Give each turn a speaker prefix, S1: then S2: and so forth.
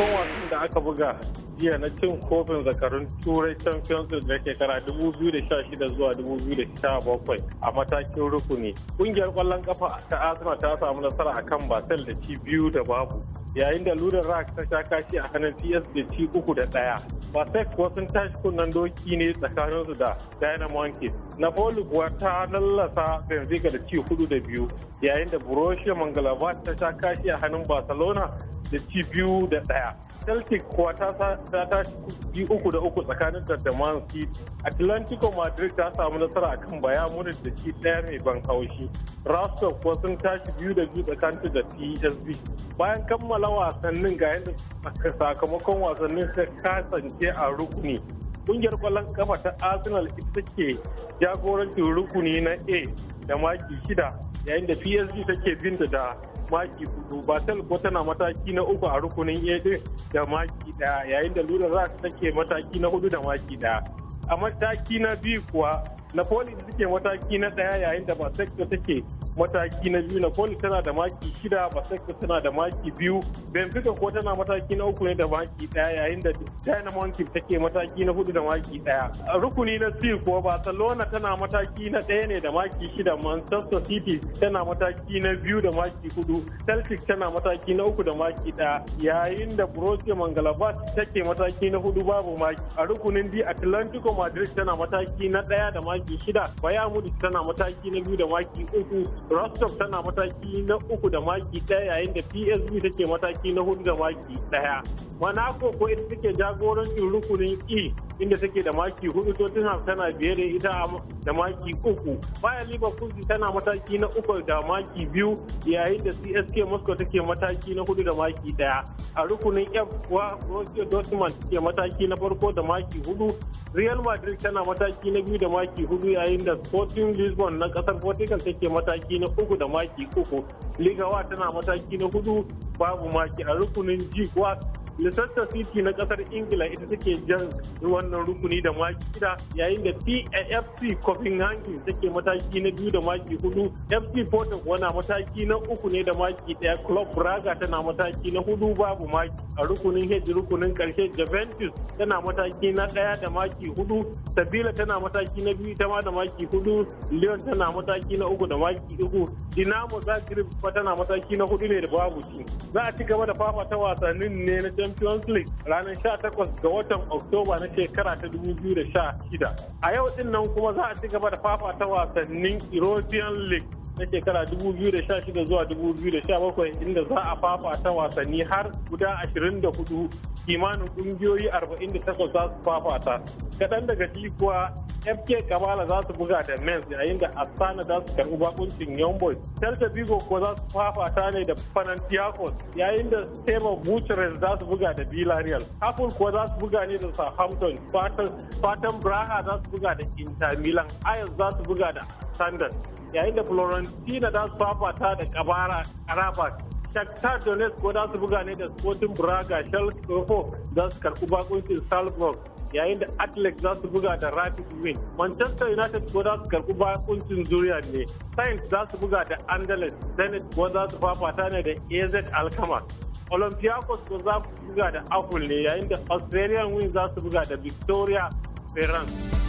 S1: kan wasan da aka buga jiya na cin kofin zakarun turai champions league da shekara 2016 zuwa 2017 a matakin rukuni kungiyar kwallon kafa ta asuna ta samu nasara akan basel da ci biyu da babu yayin da ludan rak ta sha kashi a hannun ts da ci uku da daya basel kuwa sun tashi kunnen doki ne tsakanin su da dynamonkeys napoli kuwa ta lallasa benfica da ci hudu da biyu yayin da borussia mangalabat ta sha kashi a hannun barcelona da ci biyu da ɗaya celtic kuwa ta tashi biyu uku da uku tsakanin da man city atlantico madrid ta samu nasara akan bayan munich da ci ɗaya mai ban haushi rostov kuwa sun tashi biyu da biyu tsakanin da psv bayan kammala wasannin ga yadda sakamakon wasannin ta kasance a rukuni kungiyar kwallon kafa ta arsenal ita ke jagorancin rukuni na a da maki shida yayin da psg take binta da maki hudu basel ko tana mataki na uku a rukunin a din da maki daya yayin da lura za take mataki na hudu da maki daya a mataki na biyu kuwa poli da take mataki na daya yayin da basecto take mataki na biyu poli tana da maki shida basecto tana da maki biyu benfica ko tana mataki na uku ne da maki daya yayin da china monkey take mataki na hudu da maki daya rukuni na c ko barcelona tana mataki na daya ne da maki shida manchester city tana mataki na biyu da maki hudu celtic tana mataki na uku da maki daya yayin da borussia mönchengladbach take mataki na hudu babu maki a rukunin d atlantico madrid tana mataki na daya da maki maki shida bayamudu tana mataki na biyu da maki uku rostov tana mataki na uku da maki ɗaya yayin da psv take mataki na hudu da maki ɗaya Monaco ko ita take jagorancin rukunin E inda take da maki hudu Tottenham tana biye da ita da maki uku. Bayan Liverpool tana mataki na uku da maki biyu yayin da CSK Moscow take mataki na hudu da maki daya. A rukunin F kuwa Borussia Dortmund take mataki na farko da maki hudu Real Madrid tana mataki na biyu da maki hudu yayin da Sporting Lisbon na kasar Portugal take mataki na uku da maki uku. Ligawa tana mataki na hudu babu maki a rukunin G Leicester City na kasar Ingila ita take jan wannan rukuni da maki shida yayin da PAFC Copenhagen take mataki na biyu da maki hudu FC Porto wana mataki na uku ne da maki daya Club Braga tana mataki na hudu babu maki a rukunin H rukunin karshe Juventus tana mataki na daya da maki hudu Sabila tana mataki na biyu ita ma da maki hudu Lyon tana mataki na uku da maki uku Dinamo Zagreb tana mataki na hudu ne da babu shi za a ci gaba da fafata wasannin ne na Champions League ranar 18 ga watan Oktoba na shekara ta 2016. A yau din nan kuma za a ci gaba da fafata wasannin European League na shekara 2016 zuwa 2017 inda za a fafata wasanni har guda 24 kimanin ƙungiyoyi 48 za su fafata. Kaɗan daga kuwa FK Kabala za su buga da Mens yayin da Astana za su karbi bakuncin Young Boys. Celta Vigo ko za su fafata ne da Panathinaikos yayin da Steven Bucharest za su buga da Villarreal. Apple ko za su buga ne da Southampton. Fatan Braha za su buga da Inter Milan. Ayas za su buga da Sanders. Yayin da Florentina za su fafata da Kabara Rabat. Shakhtar Donetsk ko za su buga ne da Sporting Braga, Kofo za su karbi bakuncin Salzburg. yayin da atlet za su buga da Rapid win Manchester United ko za su karɓi kuncin zuriya ne. Saints za su buga da Andalus, Zenit ko za su fafata ne da AZ alkama Olympiacos ko za su buga da Apple ne yayin da Australian win za su buga da Victoria Ferrand.